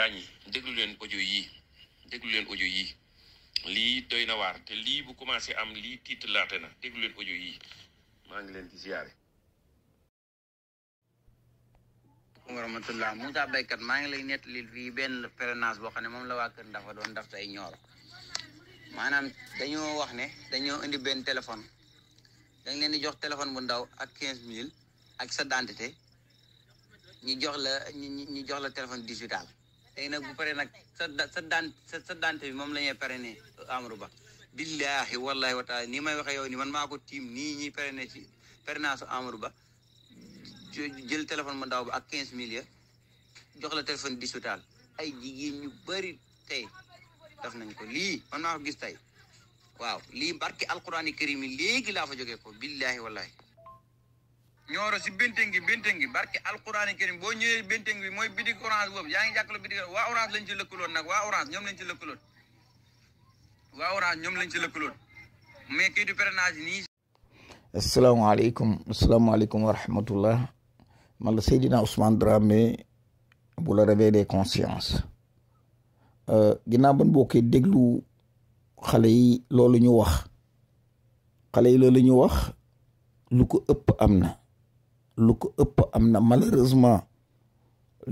gaañ leen audio yii déglu leen audio yii lii doy na lii bu commencé am lii tiit laate na déglu leen audio yii maa ngi leen di maa ngi lay nettali fii benn pèlerinage boo xam ne moom la waa doon daf tey ñooro maanaam dañoo wax ne dañoo indi benn téléphone da nga leen di jox téléphone bu ndaw ak quinze mille ak sa dentité ñu jox la ñu jox la téléphone digital tey eh, nag bu paree nag sa daan sa daante bi moom lañuy pare parrainé Amadou Ba billahi wallahi wa taala nii may waxee yow ni man maa ko tiim nii ñuy parrainé ci parrainage su Amadou Ba jël téléphone ma ndaw ba ak quinze mille ya jox la téléphone digital ay jigéen ñu bari tey def nañ ko lii man maa gis tey waaw lii barke alquraan karim yi léegi laa fa jógee ko billahi wallahi ñooro si bentengi bentengi barke alquraan karim boo ñëwee bentengi bi mooy bitik orange boobu yaa ngi jàkkalo bitik waa orange lañ ci lëkkaloon nag waa orange ñoom lañ ci lëkkaloon waa orange ñoom lañ ci lëkkaloon mais kii du parrainage nii asalaamaaleykum asalaamaaleykum wa rahmatullah man la Seydina Ousmane Dramé bu la réveil des consciences euh, ginnaaw ban boo koy déglu xale yi loolu ñu wax xale yi loolu ñu wax lu ko ëpp am na lu ko ëpp am na malheureusement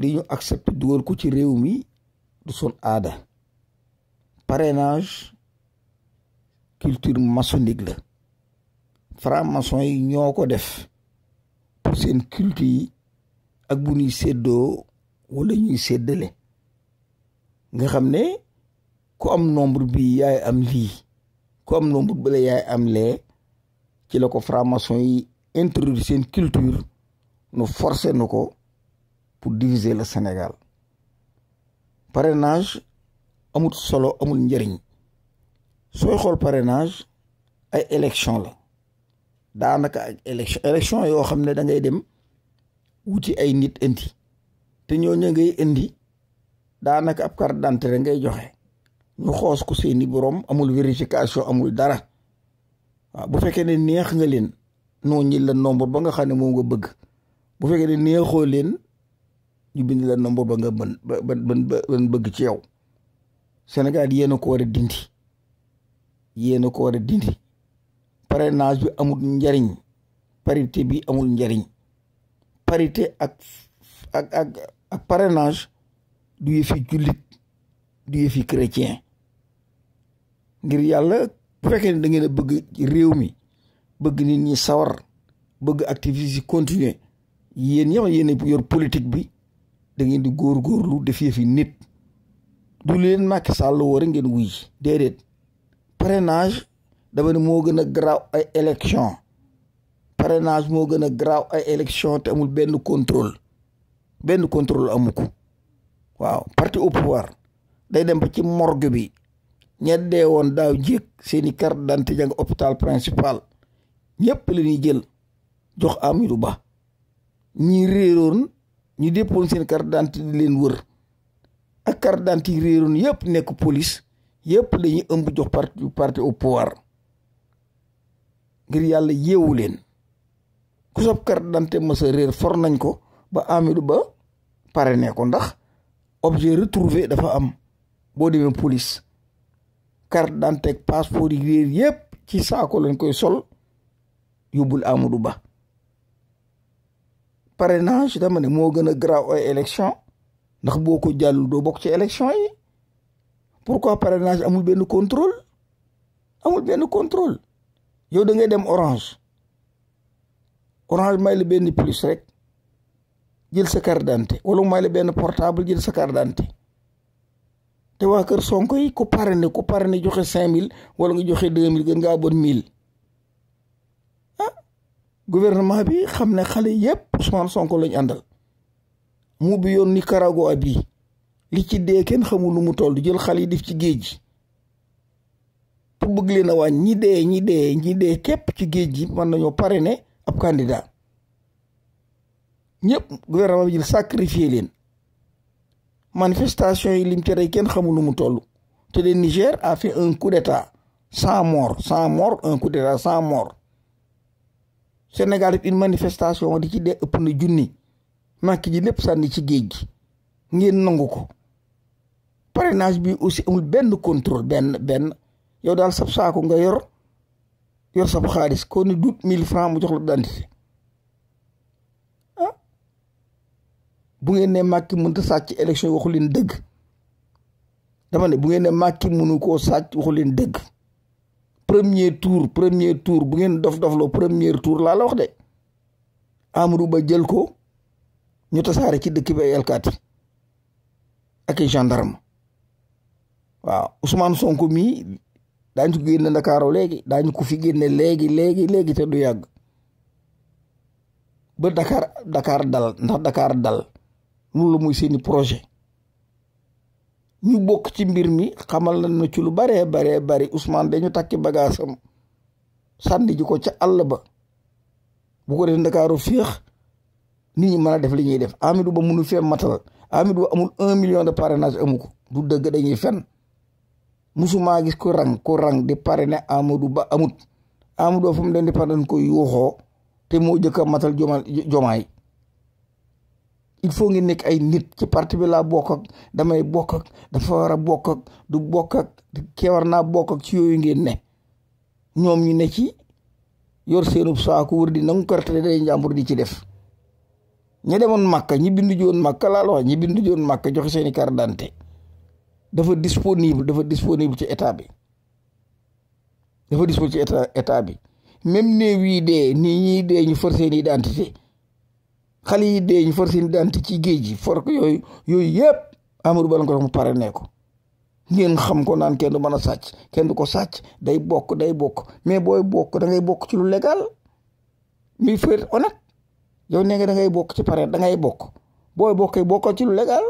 li ñu accepté dugal ko ci réew mi du son aada parenage culture maçonnique la franc yi ñoo ko def pour seen culte yi ak bu ñuy seddoo wala ñuy séddale nga xam ne ko am nombre bi yaay am lii ku am nombre bële yaay am lee ci la ko framason yi introduire seen culture nu forcé nu ko pour diviser la Sénégal parenage amut solo amul njëriñ sooy xool parenage ay élection la daanaka ak élection élection yoo xam ne da ngay dem wuti ay nit indi te ñooñu ngay indi daanaka ab carte d'identité ngay joxe ñu xoos ku seeni borom amul vérification amul dara waaw bu fekkee ne neex nga leen noo ñi la nombre ba nga xam ne moo nga bëgg bu fekkee ne neexoo leen ñu bind la nombre ba nga mën ba ba bëgg ci yow Sénégal yéen a ko war a dindi yéen a ko war a dindi parrainage bi amul njariñ parité bi amul njariñ parité ak ak ak ak parrainage du yëfi jullit du yëfi chrétien ngir yàlla bu fekkee ne da ngeen a bëgg réew mi bëgg nit ñi sawar bëgg activité yi continuer yéen ñoo yéen yor politique bi da ngeen di góorlu def yëfi nit. du leen Macky Sall woo rek ngeen wuy déedéet parenage dama ne moo gën a garaaw ay élection parrainage moo gën a garaaw ay élection te amul benn contrôle benn contrôle amu ko waaw parti au pouvoir day dem ba ci morgue bi ña dee woon daaw jéeg seeni carte d'identité jàng hôpital principal ñëpp la ñuy jël jox Amadou Ba ñi réeroon ñu déppoon seen carte d'identité di leen wër ak carte d'identité yi réeroon yëpp nekk police yëpp dañuy ëmb jox parti parti au pouvoir ngir yàlla yeewu leen ku sab carte d'identité réer for nañ ko ba Amadou Ba pare ne ko ndax objet retrouvé dafa am boo demee police carte d'identité ak passeport réer yëpp ci saako lañ koy sol yóbbul du Ba parrainage dama ne moo gën a garaaw ay élection ndax boo ko jàllul doo bokk ci élection yi pourquoi parrainage amul benn contrôle amul benn contrôle yow da ngay dem orange orange may la benn plus rek jël sa carte d'identité wala may la benn portable jël sa carte d'identité te waa kër Sonko yi ku parrainé ku parrainé joxe cinq mille wala nga joxe deux mille gën ngaa bon mille gouvernement bi xam ne xale yëpp Ousmane Sonko lañ àndal mu bi yoon Nicaragua bii li ci dee kenn xamul lu mu toll di jël xale yi def ci géej gi pour bëgg leen a wàññi ñi dee ñi dee képp ci géej gi mën nañoo pare ne ab candidat ñëpp gouvernement bi jël sacrifié leen manifestation yi lim ci rey kenn xamul lu mu toll te le Niger a fait un coup d'état sans mort sans mort un coup d'état sans Sénégal it une manifestation di ci dee ëpp na junni Macky ji lépp sànni ci géej gi ngeen nangu ko parrainage bi aussi amul benn contrôle benn benn yow daal sab saako nga yor yor sab xaalis ko ni dut mille francs mu jox la d'identité ah bu ngeen ne Macky mënta sàcc élection waxu leen dëgg dama ne bu ngeen ne Macky mënu koo sàcc waxu leen dëgg premier tour premier tour bu ngeen dof dofloo premier tour laa la wax de Amadou Ba jël ko ñu tasaare ci dëkk bi ay alkaati ak i gendarme waaw Ousmane Sonko mii daañu ko génne Ndakaaru léegi daañu ko fi génne léegi léegi léegi te du yàgg ba Dakar dakaar dal ndax dakaar dal loolu muy seeni projet ñu bokk ci mbir mi xamal lan na ci lu baree baree bari Ousmane dañu takki bagaasam sànni ji ko ca àll ba bu ko defee ndakaaru féex nit ñi mën a def li ñuy def Amidou Ba munu fee matal Amidou Ba amul un million de amu ko du dëgg dañuy fen musuma gis ko rang ko rang di Ba amut Amadou Ba fu mu leen di parrainer ko yuuxoo te moo jëkk a matal jomaay il faut nga nekk ay nit ci parti bi laa bokk damay bokk dafa war a bokk du bokk ak kee war naa bokk ci yooyu ngeen ne ñoom ñu ne ci yor seenub saako wër di nangu carte day njàmbur di ci def ña demoon màkk ñi bindu joon màkk laa wax ñi bindu joon màkk joxe seeni carte d'identité dafa disponible dafa disponible ci état bi dafa disponible ci état état bi même néew yii dee nii ñii dee ñu for seen identité xale yi deeñ for seen dante ci géej gi for ko yooyu yooyu yëpp Amadou Ba ko wax mu pare nee ko ngeen xam ko naan kenn du mën a sàcc kenn du ko sàcc day bokk day bokk mais booy bokk da ngay bokk ci lu legal mi faut être honnête da ngay bokk ci pare da bokk booy bokkee bokkal ci lu légal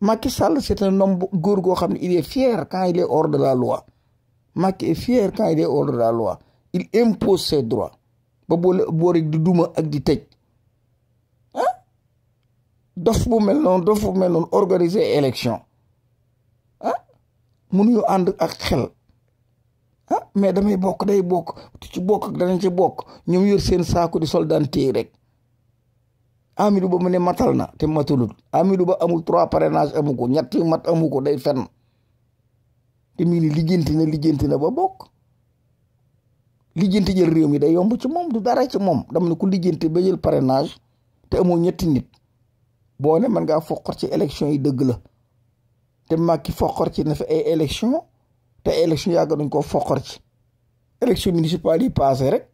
Macky Sall c'est un góor goo xam ne il est fier quand il est hors de la loi Macky est fier quand il est hors de loi il impose ses droits ba boole boole di duma ak di tej dof bu mel noonu dof bu mel noonu organiser élection ah mënuñu ànd ak xel ah mais damay bokk day bokk ci bokk danañ ci bokk ñoom yor seen saako di soldanté rek Amidou Ba mu ne matal na te matalul Amidou Ba amul trois parrainages amu ko ñetti mat amu ko day fenn te mu ngi lijjanti na lijjanti na ba bokk lijjanti jël réew mi day yomb ci moom du dara ci moom dama ne ku lijjanti ba jël parrainage te amoo ñetti nit. boo man ngaa foqor ci élection yi dëgg la te Macky foqor ci na fi ay élection te élection yàgg nañ koo foqor ci élection municipale yi passé rek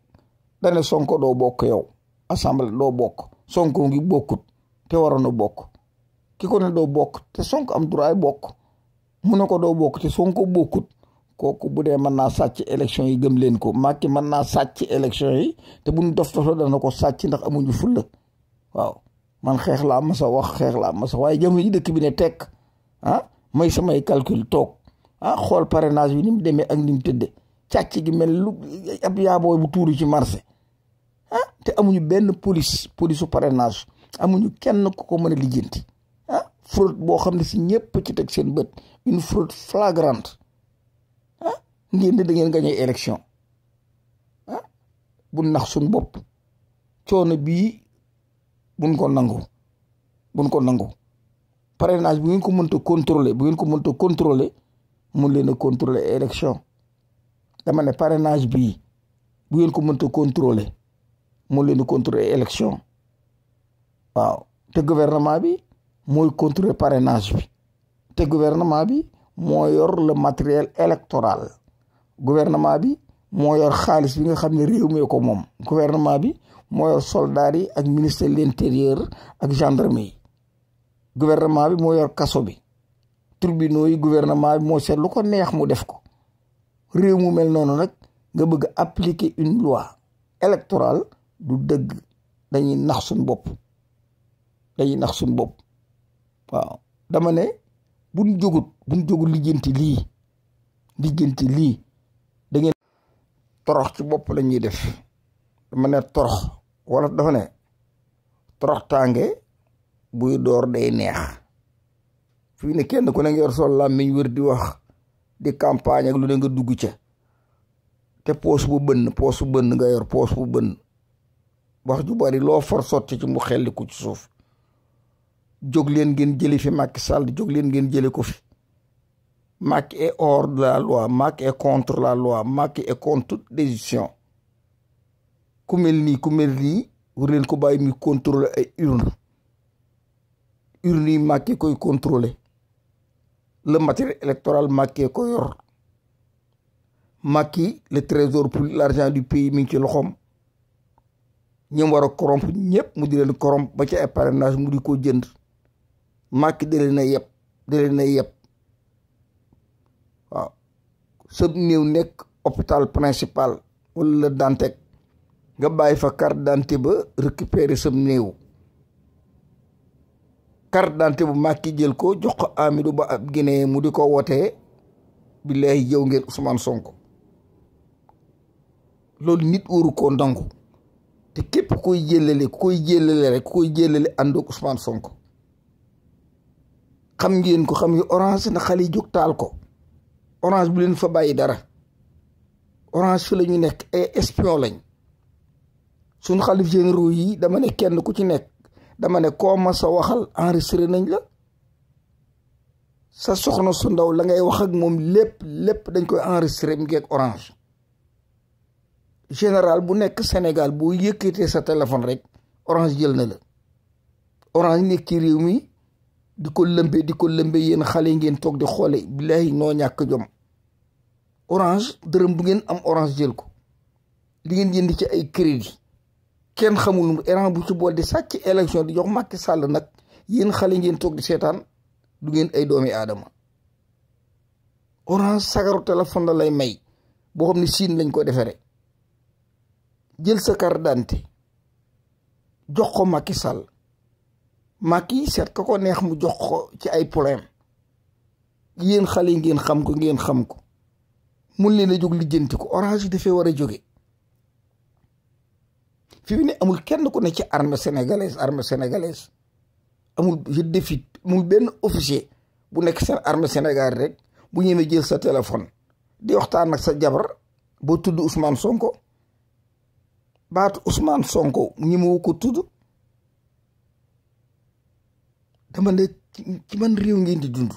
dane sonk doo bokk yow assemblée doo bokk sonk ngi bokkut te waroon a bokk ki ko ne doo bokk te Sonko am droit bokk mun ne ko doo bokk te sonk bokkut kooku bu dee mën naa sàcc élection yi gëm leen ko Macky mën naa sàcc élection yi te buñ dof dof la dana ko sàcc ndax amuñu fulla waaw man xeex laa mas wax xeex laa mas a waaye jamoo ji dëkk bi ne tekk ah may samay calcul toog ah xool parrainage bi ni mu demee ak ni mu tëddee càcc gi mel lu ab yaaboo bu tuuru ci marché ah te amuñu benn police police su parrainage amuñu kenn ku ko mën a lijjanti ah fraude boo xam ne si ñëpp ci teg seen bët une fraude flagrante ah ngeen di da ngeen gañee élection ah, bu nax suñ bopp coono bii. bun ko nangu buñ ko nangu parrainage bu ngeen ko mënta contrôler bu ngeen ko mënta contrôler mun leen a contrôler élection dama ne parrainage bii bu ngeen ko mënta contrôler mun leen a contrôler waaw te gouvernement bi mooy contrôler parrainage bi te gouvernement bi moo yor le matériel électoral gouvernement bi moo yor xaalis bi nga xam ne réew mi ko moom gouvernement bi moo yor soldats yi ak ministère de l'intérieur ak gendarmerie yi gouvernement bi moo yor kaso bi tribunaux yi gouvernement bi moo seet lu ko neex mu def ko réew mu mel noonu nag nga bëgg appliquer une loi électorale du dëgg dañuy nax suñ bopp dañuy nax suñ bopp waaw dama ne buñ jógut buñ jógut lijjanti lii lijjanti lii da ngeen torox ci bopp lañuy def dama na torox wala dafa ne torox tànge buy door day neex fii ne kenn ku ne nga yor sol làmmiñ wër di wax di campagne lu ne nga dugg ca te poos bu bënn poos bu bënn nga yor poos bu bënn wax ju bari loo for sotti ci mu xelliku ci suuf jóg leen ngeen jëli fi Macky sal jóg leen ngeen jëli ko fi Macky est hors de la loi Macky est contre la loi Macky est contre toute ku mel nii ku mel nii war leen ko bàyyi muy contrôler ay urne urne yi Macky koy contrôler le matériel électoral Macky ko yor yi le trésor pour l'argent du pays mi ngi ci loxoom ñoom war a corrompre ñëpp mu di leen corrompre ba ci ay parrainage mu di ko jënd Macky da leen a yeb da leen yeb waaw sëb néew nekk hôpital principal wala Dantec nga bàyyi fa carte d'identité ba récupérer sam néew carte d'identité bu Macky jël ko jox ko Amidou Ba ab Guinée mu di ko wotee billahi jëw ngeen Ousmane Sonko loolu nit waru koo ndangu te képp kuy jëlale ku koy jëlale rek ku koy jëlale àndoog Ousmane Sonko xam ngeen ko xam ngi orange na xale yi jóg taal ko orange bu leen fa bàyyi dara orange fi la ñu nekk ay espion lañ suñ xalif généraux yi dama ne kenn ku ci nekk dama ne koo ma sa waxal enregistré nañ la sa soxna su ndaw la ngay wax ak moom lépp lépp dañ koy enregistré mu ngeeg orange général bu nekk Sénégal boo yëkkatee sa téléphone rek orange jël na la orange nekk ci réew mi di ko lëmbe di ko lëmbe yéen xale yi ngeen toog di xoole billahi noo ñàkk jom orange dërëm bu ngeen am orange jël ko li ngeen jënd ci ay crédit kenn xamul nu Iran bu ci bool di sàcc élection di jox Macky sàll nag yéen xale ngeen toog di seetaan du ngeen ay doomi aadama Orange sagaru téléphone la lay may boo xam ne siin lañ ko defere jël sa carte d'identité jox ko Macky Sall Macky seet ka ko neex mu jox ko ci ay problème yéen xale ngeen xam ko ngeen xam ko mun leen a jóg lijjanti ko Orange dafee war a jóge fi mu ne amul kenn ku ne ci armée sénégalaise armée sénégalaise amul je défie amul benn officier bu nekk seen armée sénégal rek bu ñemee jël sa téléphone di waxtaan ak sa jabar boo tudd Ousmane Sonko baat Ousmane Sonko mu ñemewu ko tudd dama ne ci man réew ngeen di dund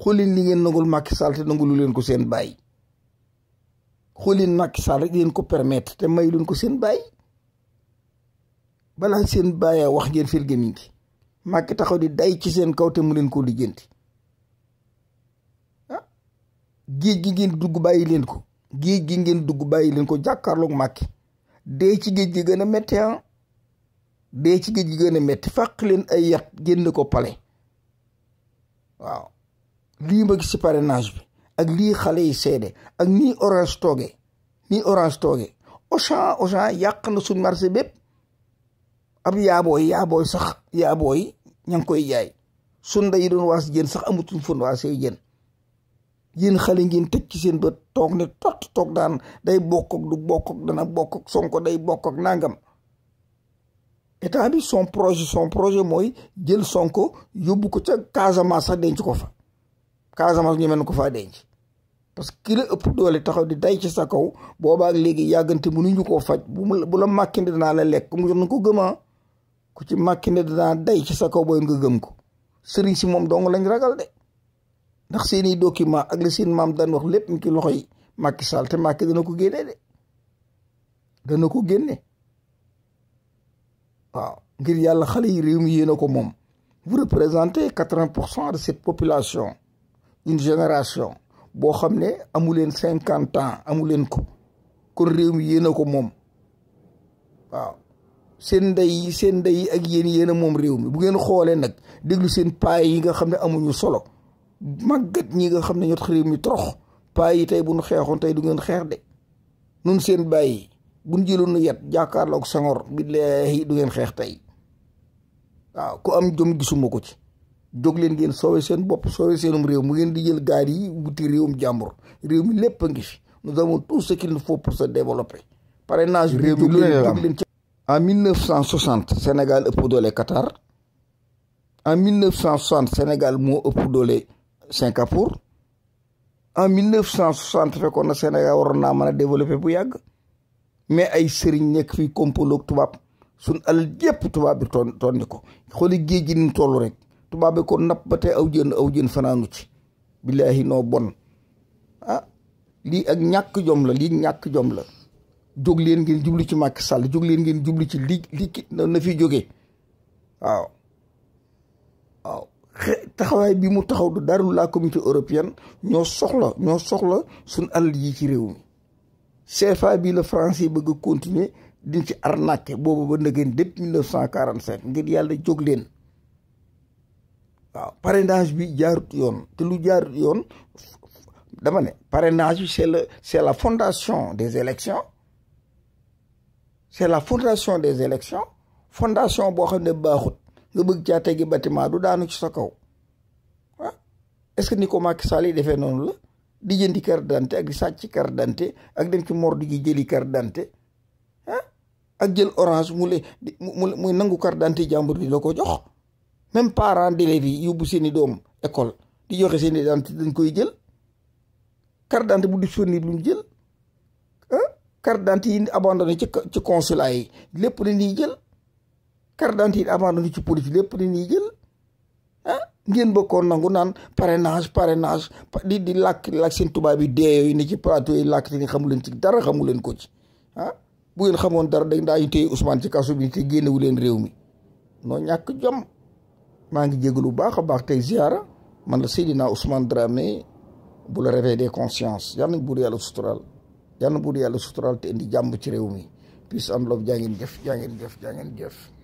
xoolin li ngeen nangul Macky Sall te nangulu leen ko seen bàyyi xooli Macky Sall rek leen ko permettre te may luñ ko seen bàyyi balaa seen bàyyi wax ngeen fir gémmiñ gi Macky taxaw di day ci seen kaw te mu leen koo lijjanti ah, géej gi ngeen dugg bàyyi leen ko géej gi ngeen dugg bàyyi leen ko jàkkaarloog Macky dee ci géej gi gën a métti ah dee ci géej gi gën a metti fàq leen ay yat génn ko pale waaw lii ma gis ci parrainage bi ak lii xale yi seede ak nii orange tooge nii orange tooge Auchan Auchan yàq na suñ marché bépp ab yaabooy yaabooy sax yaabooy ña ngi koy jaay suñ yi doon waas jën sax amatuñ fon waasee jën yéen xale ngeen teg ci seen bët toog ne tot toog daan day bokk du bokk dana bokk sonko day bokk ak nangam état bi son projet son projet mooy jël sonko yóbbu ko ca Casamance sax denc ko fa Casamance ñu mel ko faa denc parce que ki la ëpp doole taxaw di day ci sa kaw boobaa ak léegi yàggante ñu koo faj bu la màkkinde danaa la lekk mu yor na ko gëmaa ah. ku ci màkkinde danaa day ci sa kaw booy nga gëm ko sëriñ si moom dong lañ ragal de ndax seeni document ak la seen maam daan wax lépp mu ci loxo yi Macky Sall te Macky dana ko génnee de dana ko génne waaw ngir yàlla xale yi réew mi yéen ko moom vous représentez quatre pour cent de cette population une génération boo xam ne amu leen cinquante ans amu leen ko kon réew mi yéen ko moom waaw seen ndey yi seen ndey yi ak yéen yéen a moom réew mi bu ngeen xoolee nag déglu seen paay yi nga xam ne amuñu solo màggat ñi nga xam ne ñoo tax réew mi torox paay yi tey bu nu xeexoon tey du ngeen xeex de nun seen bàyyi bu nu jëloon yet jàkkaarloog Senghor billaahi du ngeen xeex tey waaw ku am jom gisuma ko ci. jóg leen ngeen soowe seen bopp soowe seenum réew mu ngeen di jël gaal yi wuti réewum jàmbur réew mi lépp a ngi fi nous avons tout ce qu'il nous faut pour se développer parrainage réew mi jóg leen ci en 1960 Sénégal ëpp doole Qatar en 1960 Sénégal moo ëpp doole Singapour en 1960 na Sénégal waroon naa mën a développer bu yàgg mais ay sëriñ nekk fii kompoloog tubaab suñ alal jépp tubaab bi toon toon ni ko xooli géej gi ni mu rek tubaabe ko napp ba tey aw jën aw jën fanaanu ci billaahi noo bon ah lii ak ñàkk jom la lii ñàkk jom la jóg leen ngeen jublu ci màkk Sall jóg ngeen jublu ci li li ki na fi jóge waaw waaw taxawaay bi mu taxaw du dara la communauté européenne ñoo soxla ñoo soxla suñ alal yi ci réew mi CFA bi la France yi bëgg a continuer diñ ci arnaqué boobu ba nëgën depuis mille neuf cent quarante cinq ngir yàlla jóg leen waaw parrainage bi jaarut yoon te lu jaarut yoon dama ne parrainage bi c'est le c'est la fondation des élections c'est la fondation des élections fondation boo xam ne baaxut nga bëgg caa tegi bâtiment du daanu ci sa kaw ah est-ce que ni ko Macky Sall yi defee noonu la di jëndi carte d'identité ak di sàcc carte dante ak dem ci mordu gi jëli carte d'identité ak jël orange mu le mu muy nangu carte d'identité jàmbur di la ko jox même parents d'élèves yi yóbbu seeni doom école di joxe seen i dante dañ koy jël carte d'identité bu disponible ñu jël ah carte d'identité yi abandonné ci ci consulat yi lépp dañuy jël carte d'identité yi abandonné ci police lépp dañuy jël ah ngeen bokkoon nangu naan parrainage parrainage di di làkk làkk seen tubaab yi dee ni ci plateau yi làkk te ni xamu leen ci dara xamu leen ko ci ah bu ngeen xamoon dara dañ daañu téye Ousmane ci kaso bi te génnewu leen réew mi noo ñàkk jom maa ngi jégalu bu baax a baax tey ziara man la Seydina Ousmane Dramé bu la réveil des consciences yal nañ buur yàlla sutural yal na buur yàlla sutural te indi jàmm ci réew mi puis am loolu jaa ngeen jëf jaa ngin jëf jaa ngeen jëf